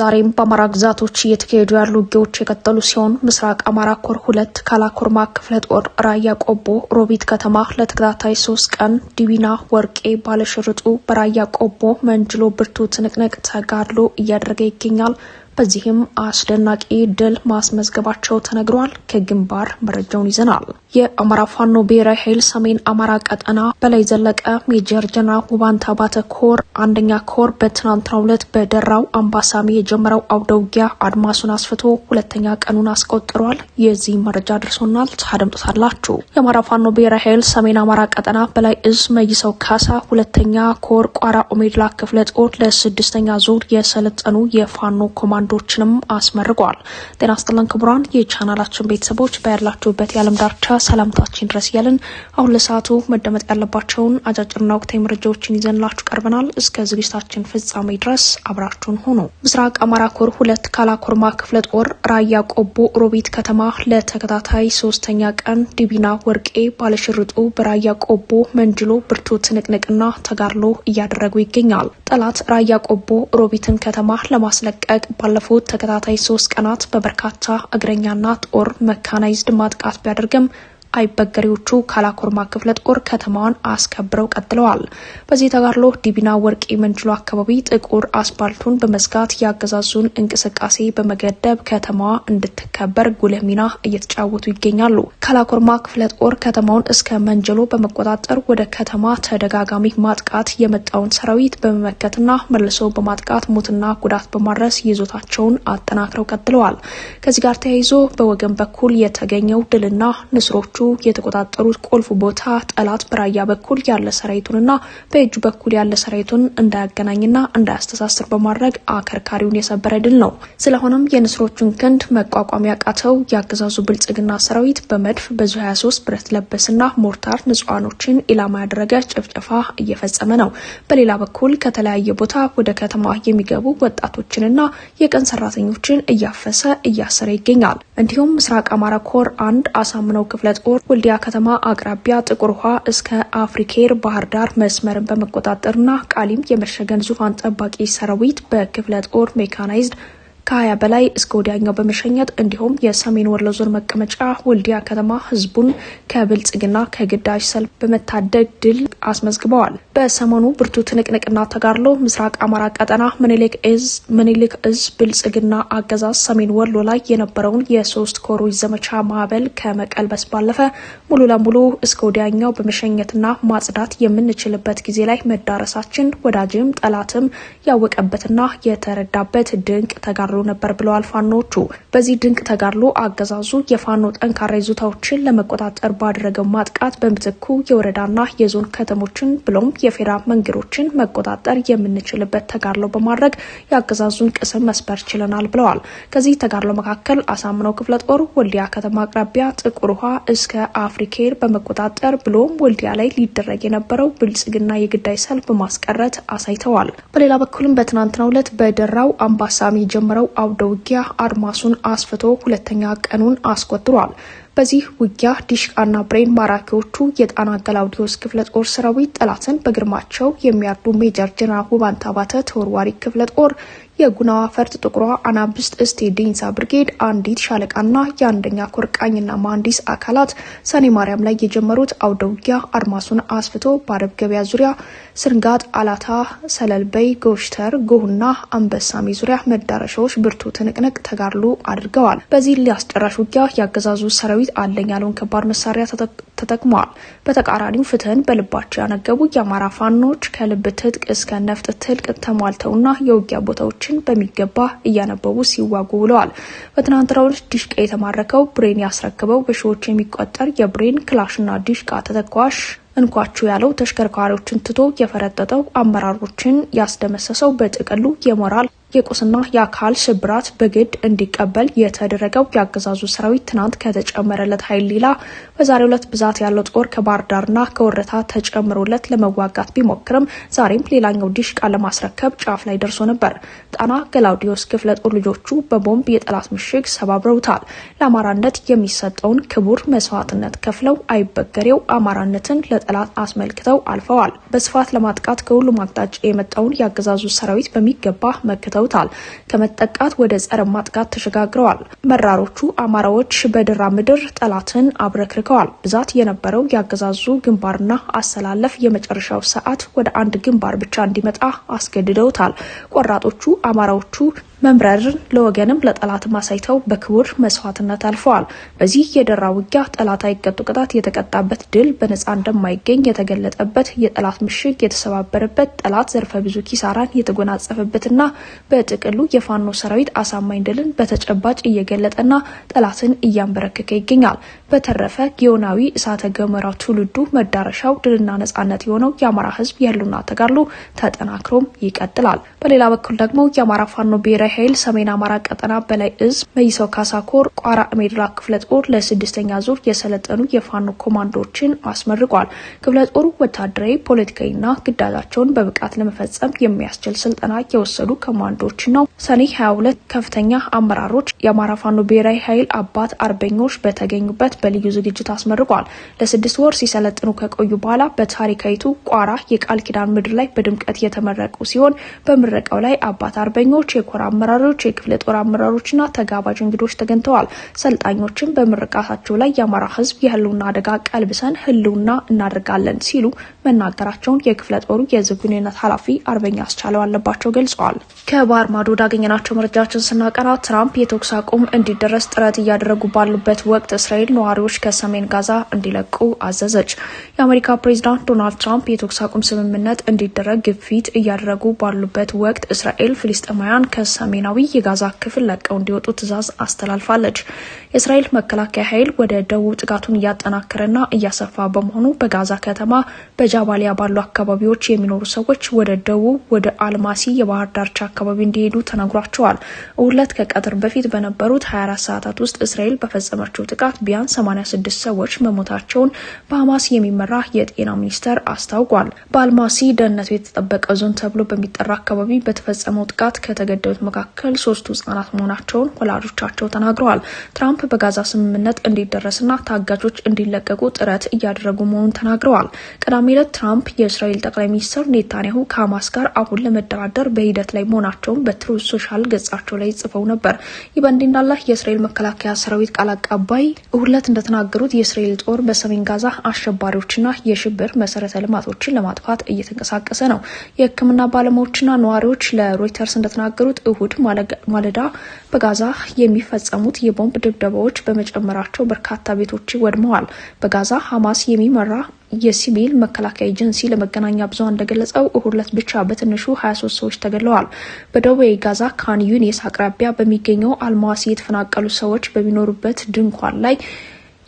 ዛሬም በአማራ ግዛቶች እየተካሄዱ ያሉ ውጊያዎች የቀጠሉ ሲሆን ምስራቅ አማራ ኮር ሁለት ካላኮርማ ክፍለ ጦር ራያ ቆቦ ሮቢት ከተማ ለተከታታይ ሶስት ቀን ዲቢና ወርቄ ባለሽርጡ በራያ ቆቦ መንጅሎ ብርቱ ትንቅንቅ ተጋድሎ እያደረገ ይገኛል። በዚህም አስደናቂ ድል ማስመዝገባቸው ተነግሯል። ከግንባር መረጃውን ይዘናል። የአማራ ፋኖ ብሔራዊ ኃይል ሰሜን አማራ ቀጠና በላይ ዘለቀ ሜጀር ጀነራል ውባንታ ባተ ኮር አንደኛ ኮር በትናንትናው ዕለት በደራው አምባሳሚ የጀመረው አውደውጊያ አድማሱን አስፍቶ ሁለተኛ ቀኑን አስቆጥሯል። የዚህ መረጃ ደርሶናል፣ ታደምጡታላችሁ። የአማራ ፋኖ ብሔራዊ ኃይል ሰሜን አማራ ቀጠና በላይ እዝ መይሰው ካሳ ሁለተኛ ኮር ቋራ ኦሜድላ ክፍለ ጦር ለስድስተኛ ዙር የሰለጠኑ የፋኖ ኮማንዶ ልምዶችንም አስመርቋል። ጤና ስጥልን ክቡራን የቻናላችን ቤተሰቦች በያላችሁበት የዓለም ዳርቻ ሰላምታችን ድረስ እያልን አሁን ለሰዓቱ መደመጥ ያለባቸውን አጫጭርና ወቅታዊ መረጃዎችን ይዘንላችሁ ቀርበናል። እስከ ዝግጅታችን ፍጻሜ ድረስ አብራችሁን ሁኑ። ምስራቅ አማራ ኮር ሁለት ካላኮርማ ክፍለ ጦር ራያ ቆቦ ሮቢት ከተማ ለተከታታይ ሶስተኛ ቀን ዲቢና ወርቄ ባለሽርጡ በራያ ቆቦ መንጅሎ ብርቱ ትንቅንቅና ተጋድሎ እያደረጉ ይገኛል። ጠላት ራያ ቆቦ ሮቢትን ከተማ ለማስለቀቅ ባለ ባለፉት ተከታታይ ሶስት ቀናት በበርካታ እግረኛና ጦር መካናይዝድ ማጥቃት ቢያደርግም አይበገሬዎቹ ካላኮርማ ክፍለ ጦር ከተማዋን አስከብረው ቀጥለዋል። በዚህ ተጋድሎ ዲቢና ወርቄ መንጅሎ አካባቢ ጥቁር አስፓልቱን በመዝጋት ያገዛዙን እንቅስቃሴ በመገደብ ከተማዋ እንድትከበር ጉልህ ሚና እየተጫወቱ ይገኛሉ። ካላኮርማ ክፍለ ጦር ከተማውን እስከ መንጀሎ በመቆጣጠር ወደ ከተማ ተደጋጋሚ ማጥቃት የመጣውን ሰራዊት በመመከትና መልሶ በማጥቃት ሞትና ጉዳት በማድረስ ይዞታቸውን አጠናክረው ቀጥለዋል። ከዚህ ጋር ተያይዞ በወገን በኩል የተገኘው ድልና ንስሮቹ የተቆጣጠሩት ቁልፍ ቦታ ጠላት በራያ በኩል ያለ ሰራዊቱንና በእጁ በኩል ያለ ሰራዊቱን እንዳያገናኝና እንዳያስተሳስር በማድረግ አከርካሪውን የሰበረ ድል ነው። ስለሆነም የንስሮቹን ክንድ መቋቋም ያቃተው የአገዛዙ ብልጽግና ሰራዊት በመድፍ በዙ 23 ብረት ለበስና ሞርታር ንጹሃኖችን ኢላማ ያደረገ ጭፍጨፋ እየፈጸመ ነው። በሌላ በኩል ከተለያየ ቦታ ወደ ከተማ የሚገቡ ወጣቶችንና የቀን ሰራተኞችን እያፈሰ እያሰረ ይገኛል። እንዲሁም ምስራቅ አማራ ኮር አንድ አሳምነው ክፍለ ጦር ትራንስፖርት ወልዲያ ከተማ አቅራቢያ ጥቁር ውሃ እስከ አፍሪኬር ባህር ዳር መስመርን በመቆጣጠርና ቃሊም የመሸገን ዙፋን ጠባቂ ሰራዊት በክፍለ ጦር ሜካናይዝድ ከ በላይ እስከ ወዲያኛው በመሸኘት እንዲሁም የሰሜን ወሎ ዞን መቀመጫ ወልዲያ ከተማ ህዝቡን ከብልጽግና ከግዳጅ ሰልፍ በመታደግ ድል አስመዝግበዋል። በሰሞኑ ብርቱ ትንቅንቅና ተጋድሎ ምስራቅ አማራ ቀጠና ምኒልክ እዝ ምኒልክ እዝ ብልጽግና አገዛዝ ሰሜን ወሎ ላይ የነበረውን የሶስት ኮሮች ዘመቻ ማዕበል ከመቀልበስ ባለፈ ሙሉ ለሙሉ እስከ ወዲያኛው በመሸኘትና ማጽዳት የምንችልበት ጊዜ ላይ መዳረሳችን ወዳጅም ጠላትም ያወቀበትና የተረዳበት ድንቅ ተጋድሎ ነበር ብለዋል ፋኖቹ። በዚህ ድንቅ ተጋድሎ አገዛዙ የፋኖ ጠንካራ ይዞታዎችን ለመቆጣጠር ባደረገው ማጥቃት በምትኩ የወረዳና የዞን ከተሞችን ብሎም የፌዴራል መንገዶችን መቆጣጠር የምንችልበት ተጋድሎ በማድረግ የአገዛዙን ቅስም መስበር ችለናል ብለዋል። ከዚህ ተጋድሎ መካከል አሳምነው ክፍለ ጦር ወልዲያ ከተማ አቅራቢያ ጥቁር ውሃ እስከ አፍሪኬር በመቆጣጠር ብሎም ወልዲያ ላይ ሊደረግ የነበረው ብልጽግና የግዳይ ሰልፍ በማስቀረት አሳይተዋል። በሌላ በኩልም በትናንትናው ዕለት በደራው አምባሳሚ ጀምረው በነበረው አውደውጊያ አድማሱን አስፍቶ ሁለተኛ ቀኑን አስቆጥሯል። በዚህ ውጊያ ዲሽቃና ብሬን ማራኪዎቹ የጣና ገላውዲዮስ ክፍለ ጦር ሰራዊት ጠላትን በግርማቸው የሚያርዱ ሜጀር ጀነራል ውባንታ ባተ ተወርዋሪ ክፍለ ጦር የጉናዋ ፈርጥ ጥቁሯ አናብስት እስቴ ዴንሳ ብርጌድ አንዲት ሻለቃና የአንደኛ ኮርቃኝና ቃኝና አካላት ሰኔ ማርያም ላይ የጀመሩት አውደ ውጊያ አድማሱን አስፍቶ በአረብ ገበያ ዙሪያ ስርንጋት፣ አላታ፣ ሰለልበይ፣ ጎሽተር፣ ጎሁና አንበሳሜ ዙሪያ መዳረሻዎች ብርቱ ትንቅንቅ ተጋድሎ አድርገዋል። በዚህ ሊያስጨራሽ ውጊያ ያገዛዙ ሰራዊት ሰራዊት አለኝ ያለውን ከባድ መሳሪያ ተጠቅመዋል። በተቃራኒው ፍትህን በልባቸው ያነገቡ የአማራ ፋኖች ከልብ ትጥቅ እስከ ነፍጥ ትልቅ ተሟልተውና የውጊያ ቦታዎችን በሚገባ እያነበቡ ሲዋጉ ብለዋል። በትናንትናው ዕለት ዲሽቃ የተማረከው ብሬን ያስረክበው በሺዎች የሚቆጠር የብሬን ክላሽና ዲሽቃ ተተኳሽ እንኳችሁ ያለው ተሽከርካሪዎችን ትቶ የፈረጠጠው አመራሮችን ያስደመሰሰው በጥቅሉ የሞራል የቁስና የአካል ስብራት በግድ እንዲቀበል የተደረገው የአገዛዙ ሰራዊት ትናንት ከተጨመረለት ኃይል ሌላ በዛሬው ዕለት ብዛት ያለው ጦር ከባህር ዳርና ከወረታ ተጨምሮለት ለመዋጋት ቢሞክርም ዛሬም ሌላኛው ዲሽቃ ለማስረከብ ጫፍ ላይ ደርሶ ነበር። ጣና ገላውዲዮስ ክፍለ ጦር ልጆቹ በቦምብ የጠላት ምሽግ ሰባብረውታል። ለአማራነት የሚሰጠውን ክቡር መስዋዕትነት ከፍለው አይበገሬው አማራነትን ለጠላት አስመልክተው አልፈዋል። በስፋት ለማጥቃት ከሁሉም አቅጣጫ የመጣውን የአገዛዙ ሰራዊት በሚገባ መክተው አሳይተውታል። ከመጠቃት ወደ ጸረ ማጥቃት ተሸጋግረዋል። መራሮቹ አማራዎች በድራ ምድር ጠላትን አብረክርከዋል። ብዛት የነበረው የአገዛዙ ግንባርና አሰላለፍ የመጨረሻው ሰዓት ወደ አንድ ግንባር ብቻ እንዲመጣ አስገድደውታል። ቆራጦቹ አማራዎቹ መምረርን ለወገንም ለጠላትም አሳይተው በክቡር መስዋዕትነት አልፈዋል። በዚህ የደራ ውጊያ ጠላት አይቀጡ ቅጣት የተቀጣበት ድል በነፃ እንደማይገኝ የተገለጠበት የጠላት ምሽግ የተሰባበረበት ጠላት ዘርፈ ብዙ ኪሳራን የተጎናጸፈበትና በጥቅሉ የፋኖ ሰራዊት አሳማኝ ድልን በተጨባጭ እየገለጠና ጠላትን እያንበረከከ ይገኛል። በተረፈ ጊዮናዊ እሳተ ገሞራ ትውልዱ መዳረሻው ድልና ነፃነት የሆነው የአማራ ሕዝብ የህልውና ተጋድሎ ተጠናክሮም ይቀጥላል። በሌላ በኩል ደግሞ የአማራ ፋኖ ብሔራዊ ኃይል ሰሜን አማራ ቀጠና በላይ እዝ መይሰው ካሳኮር ቋራ ሜድላ ክፍለ ጦር ለስድስተኛ ዙር የሰለጠኑ የፋኖ ኮማንዶዎችን አስመርቋል። ክፍለ ጦሩ ወታደራዊ፣ ፖለቲካዊና ግዳጃቸውን በብቃት ለመፈጸም የሚያስችል ስልጠና የወሰዱ ኮማንዶዎች ነው። ሰኔ 22 ከፍተኛ አመራሮች የአማራ ፋኖ ብሔራዊ ኃይል አባት አርበኞች በተገኙበት በልዩ ዝግጅት አስመርቋል። ለስድስት ወር ሲሰለጥኑ ከቆዩ በኋላ በታሪካዊቱ ቋራ የቃል ኪዳን ምድር ላይ በድምቀት የተመረቁ ሲሆን በምረቃው ላይ አባት አርበኞች የኮራ አመራሮች፣ የክፍለ ጦር አመራሮችና ተጋባዥ እንግዶች ተገኝተዋል። ሰልጣኞችም በምርቃታቸው ላይ የአማራ ህዝብ የህልውና አደጋ ቀልብሰን ህልውና እናደርጋለን ሲሉ መናገራቸውን የክፍለ ጦሩ የህዝብ ግንኙነት ኃላፊ አርበኛ አስቻለው አለባቸው ገልጸዋል። ከባህር ማዶ ወዳገኘናቸው መረጃዎችን ስናቀና ትራምፕ የተኩስ አቁም እንዲደረስ ጥረት እያደረጉ ባሉበት ወቅት እስራኤል ነዋሪዎች ከሰሜን ጋዛ እንዲለቁ አዘዘች። የአሜሪካ ፕሬዚዳንት ዶናልድ ትራምፕ የተኩስ አቁም ስምምነት እንዲደረግ ግፊት እያደረጉ ባሉበት ወቅት እስራኤል ፍልስጤማውያን ከሰሜን ሰሜናዊ የጋዛ ክፍል ለቀው እንዲወጡ ትዕዛዝ አስተላልፋለች። የእስራኤል መከላከያ ኃይል ወደ ደቡብ ጥቃቱን እያጠናከረና እያሰፋ በመሆኑ በጋዛ ከተማ በጃባሊያ ባሉ አካባቢዎች የሚኖሩ ሰዎች ወደ ደቡብ ወደ አልማሲ የባህር ዳርቻ አካባቢ እንዲሄዱ ተነግሯቸዋል። እሁለት ከቀትር በፊት በነበሩት 24 ሰዓታት ውስጥ እስራኤል በፈጸመችው ጥቃት ቢያንስ 86 ሰዎች መሞታቸውን በሐማስ የሚመራ የጤና ሚኒስቴር አስታውቋል። በአልማሲ ደህንነቱ የተጠበቀ ዞን ተብሎ በሚጠራ አካባቢ በተፈጸመው ጥቃት ከተገደሉት መካከል መካከል ሶስቱ ህጻናት መሆናቸውን ወላጆቻቸው ተናግረዋል። ትራምፕ በጋዛ ስምምነት እንዲደረስና ታጋቾች እንዲለቀቁ ጥረት እያደረጉ መሆኑን ተናግረዋል። ቅዳሜ ዕለት ትራምፕ የእስራኤል ጠቅላይ ሚኒስትር ኔታንያሁ ከሀማስ ጋር አሁን ለመደራደር በሂደት ላይ መሆናቸውን በትሩዝ ሶሻል ገጻቸው ላይ ጽፈው ነበር። ይህ በእንዲህ እንዳለ የእስራኤል መከላከያ ሰራዊት ቃል አቀባይ እሁድ ዕለት እንደተናገሩት የእስራኤል ጦር በሰሜን ጋዛ አሸባሪዎችና የሽብር መሰረተ ልማቶችን ለማጥፋት እየተንቀሳቀሰ ነው። የህክምና ባለሙያዎችና ነዋሪዎች ለሮይተርስ እንደተናገሩት እሁድ እሁድ ማለዳ በጋዛ የሚፈጸሙት የቦምብ ድብደባዎች በመጨመራቸው በርካታ ቤቶች ወድመዋል። በጋዛ ሐማስ የሚመራ የሲቪል መከላከያ ኤጀንሲ ለመገናኛ ብዙኃን እንደገለጸው እሁድ ዕለት ብቻ በትንሹ 23 ሰዎች ተገድለዋል። በደቡባዊ ጋዛ ካን ዩኒስ አቅራቢያ በሚገኘው አልማዋሲ የተፈናቀሉ ሰዎች በሚኖሩበት ድንኳን ላይ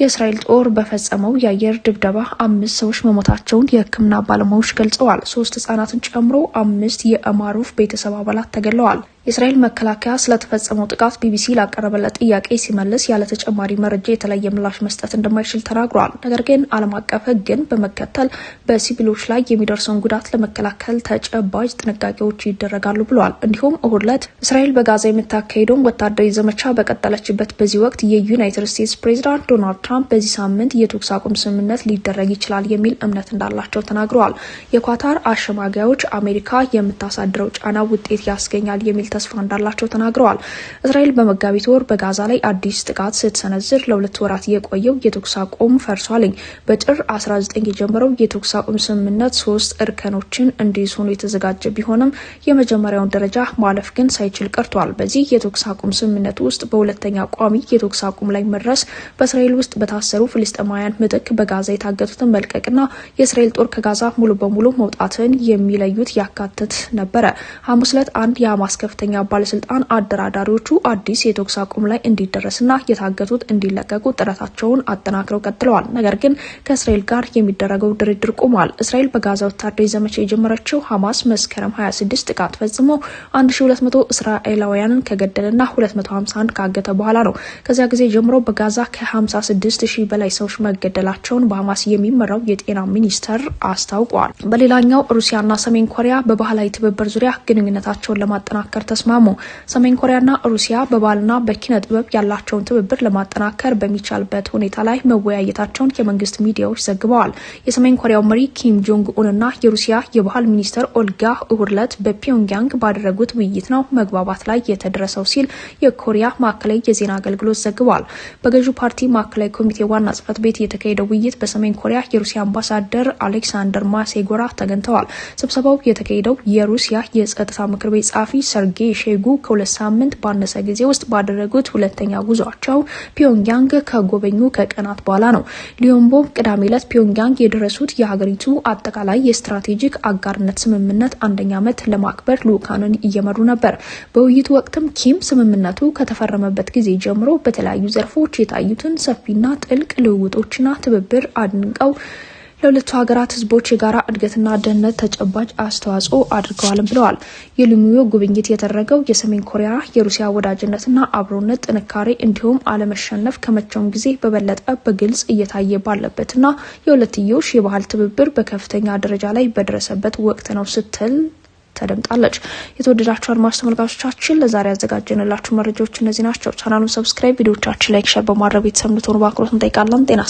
የእስራኤል ጦር በፈጸመው የአየር ድብደባ አምስት ሰዎች መሞታቸውን የሕክምና ባለሙያዎች ገልጸዋል። ሶስት ህጻናትን ጨምሮ አምስት የአማሩፍ ቤተሰብ አባላት ተገለዋል። የእስራኤል መከላከያ ስለተፈጸመው ጥቃት ቢቢሲ ላቀረበለት ጥያቄ ሲመልስ ያለ ተጨማሪ መረጃ የተለየ ምላሽ መስጠት እንደማይችል ተናግሯል። ነገር ግን ዓለም አቀፍ ሕግን በመከተል በሲቪሎች ላይ የሚደርሰውን ጉዳት ለመከላከል ተጨባጭ ጥንቃቄዎች ይደረጋሉ ብለዋል። እንዲሁም እሁድ ዕለት እስራኤል በጋዛ የምታካሄደውን ወታደራዊ ዘመቻ በቀጠለችበት በዚህ ወቅት የዩናይትድ ስቴትስ ፕሬዚዳንት ዶናልድ ትራምፕ በዚህ ሳምንት የተኩስ አቁም ስምምነት ሊደረግ ይችላል የሚል እምነት እንዳላቸው ተናግረዋል። የኳታር አሸማጋዮች አሜሪካ የምታሳድረው ጫና ውጤት ያስገኛል የሚል ተስፋ እንዳላቸው ተናግረዋል። እስራኤል በመጋቢት ወር በጋዛ ላይ አዲስ ጥቃት ስትሰነዝር ለሁለት ወራት የቆየው የተኩስ አቁም ፈርሷልኝ። በጥር 19 የጀመረው የተኩስ አቁም ስምምነት ሶስት እርከኖችን እንዲይዝ ሆኖ የተዘጋጀ ቢሆንም የመጀመሪያውን ደረጃ ማለፍ ግን ሳይችል ቀርቷል። በዚህ የተኩስ አቁም ስምምነት ውስጥ በሁለተኛ ቋሚ የተኩስ አቁም ላይ መድረስ፣ በእስራኤል ውስጥ በታሰሩ ፍልስጤማውያን ምትክ በጋዛ የታገቱትን መልቀቅና የእስራኤል ጦር ከጋዛ ሙሉ በሙሉ መውጣትን የሚለዩት ያካትት ነበረ። ሐሙስ ዕለት አንድ የሐማስ ከፍተኛ ከፍተኛ ባለስልጣን አደራዳሪዎቹ አዲስ የተኩስ አቁም ላይ እንዲደረስና የታገቱት እንዲለቀቁ ጥረታቸውን አጠናክረው ቀጥለዋል። ነገር ግን ከእስራኤል ጋር የሚደረገው ድርድር ቆሟል። እስራኤል በጋዛ ወታደራዊ ዘመቻ የጀመረችው ሐማስ መስከረም 26 ጥቃት ፈጽሞ 1200 እስራኤላውያንን ከገደለና 251 ካገተ በኋላ ነው። ከዚያ ጊዜ ጀምሮ በጋዛ ከ56 ሺህ በላይ ሰዎች መገደላቸውን በሐማስ የሚመራው የጤና ሚኒስቴር አስታውቋል። በሌላኛው ሩሲያና ሰሜን ኮሪያ በባህላዊ ትብብር ዙሪያ ግንኙነታቸውን ለማጠናከር ተስማሙ። ሰሜን ኮሪያና ሩሲያ በባህልና በኪነ ጥበብ ያላቸውን ትብብር ለማጠናከር በሚቻልበት ሁኔታ ላይ መወያየታቸውን የመንግስት ሚዲያዎች ዘግበዋል። የሰሜን ኮሪያው መሪ ኪም ጆንግ ኡንና የሩሲያ የባህል ሚኒስትር ኦልጋ እሁድ በፒዮንግያንግ ባደረጉት ውይይት ነው መግባባት ላይ የተደረሰው ሲል የኮሪያ ማዕከላዊ የዜና አገልግሎት ዘግቧል። በገዢው ፓርቲ ማዕከላዊ ኮሚቴ ዋና ጽህፈት ቤት የተካሄደው ውይይት በሰሜን ኮሪያ የሩሲያ አምባሳደር አሌክሳንደር ማሴጎራ ተገኝተዋል። ስብሰባው የተካሄደው የሩሲያ የጸጥታ ምክር ቤት ጸሐፊ ሰርጌ ሼጉ ከሁለት ሳምንት ባነሰ ጊዜ ውስጥ ባደረጉት ሁለተኛ ጉዟቸው ፒዮንግያንግ ከጎበኙ ከቀናት በኋላ ነው። ሊዮንቦ ቅዳሜ ዕለት ፒዮንግያንግ የደረሱት የሀገሪቱ አጠቃላይ የስትራቴጂክ አጋርነት ስምምነት አንደኛ ዓመት ለማክበር ልኡካንን እየመሩ ነበር። በውይይቱ ወቅትም ኪም ስምምነቱ ከተፈረመበት ጊዜ ጀምሮ በተለያዩ ዘርፎች የታዩትን ሰፊና ጥልቅ ልውውጦችና ትብብር አድንቀው ለሁለቱ ሀገራት ህዝቦች የጋራ እድገትና ደህንነት ተጨባጭ አስተዋጽኦ አድርገዋልም ብለዋል። የሊሙዮ ጉብኝት የተደረገው የሰሜን ኮሪያ የሩሲያ ወዳጅነትና አብሮነት ጥንካሬ እንዲሁም አለመሸነፍ ከመቼውም ጊዜ በበለጠ በግልጽ እየታየ ባለበትና የሁለትዮሽ የባህል ትብብር በከፍተኛ ደረጃ ላይ በደረሰበት ወቅት ነው ስትል ተደምጣለች። የተወደዳችሁ አድማጭ ተመልካቾቻችን ለዛሬ ያዘጋጀንላችሁ መረጃዎች እነዚህ ናቸው። ቻናሉን ሰብስክራይብ፣ ቪዲዮቻችን ላይክ፣ ሸር በማድረግ ቤተሰብ እንድትሆኑ በአክብሮት እንጠይቃለን። ጤና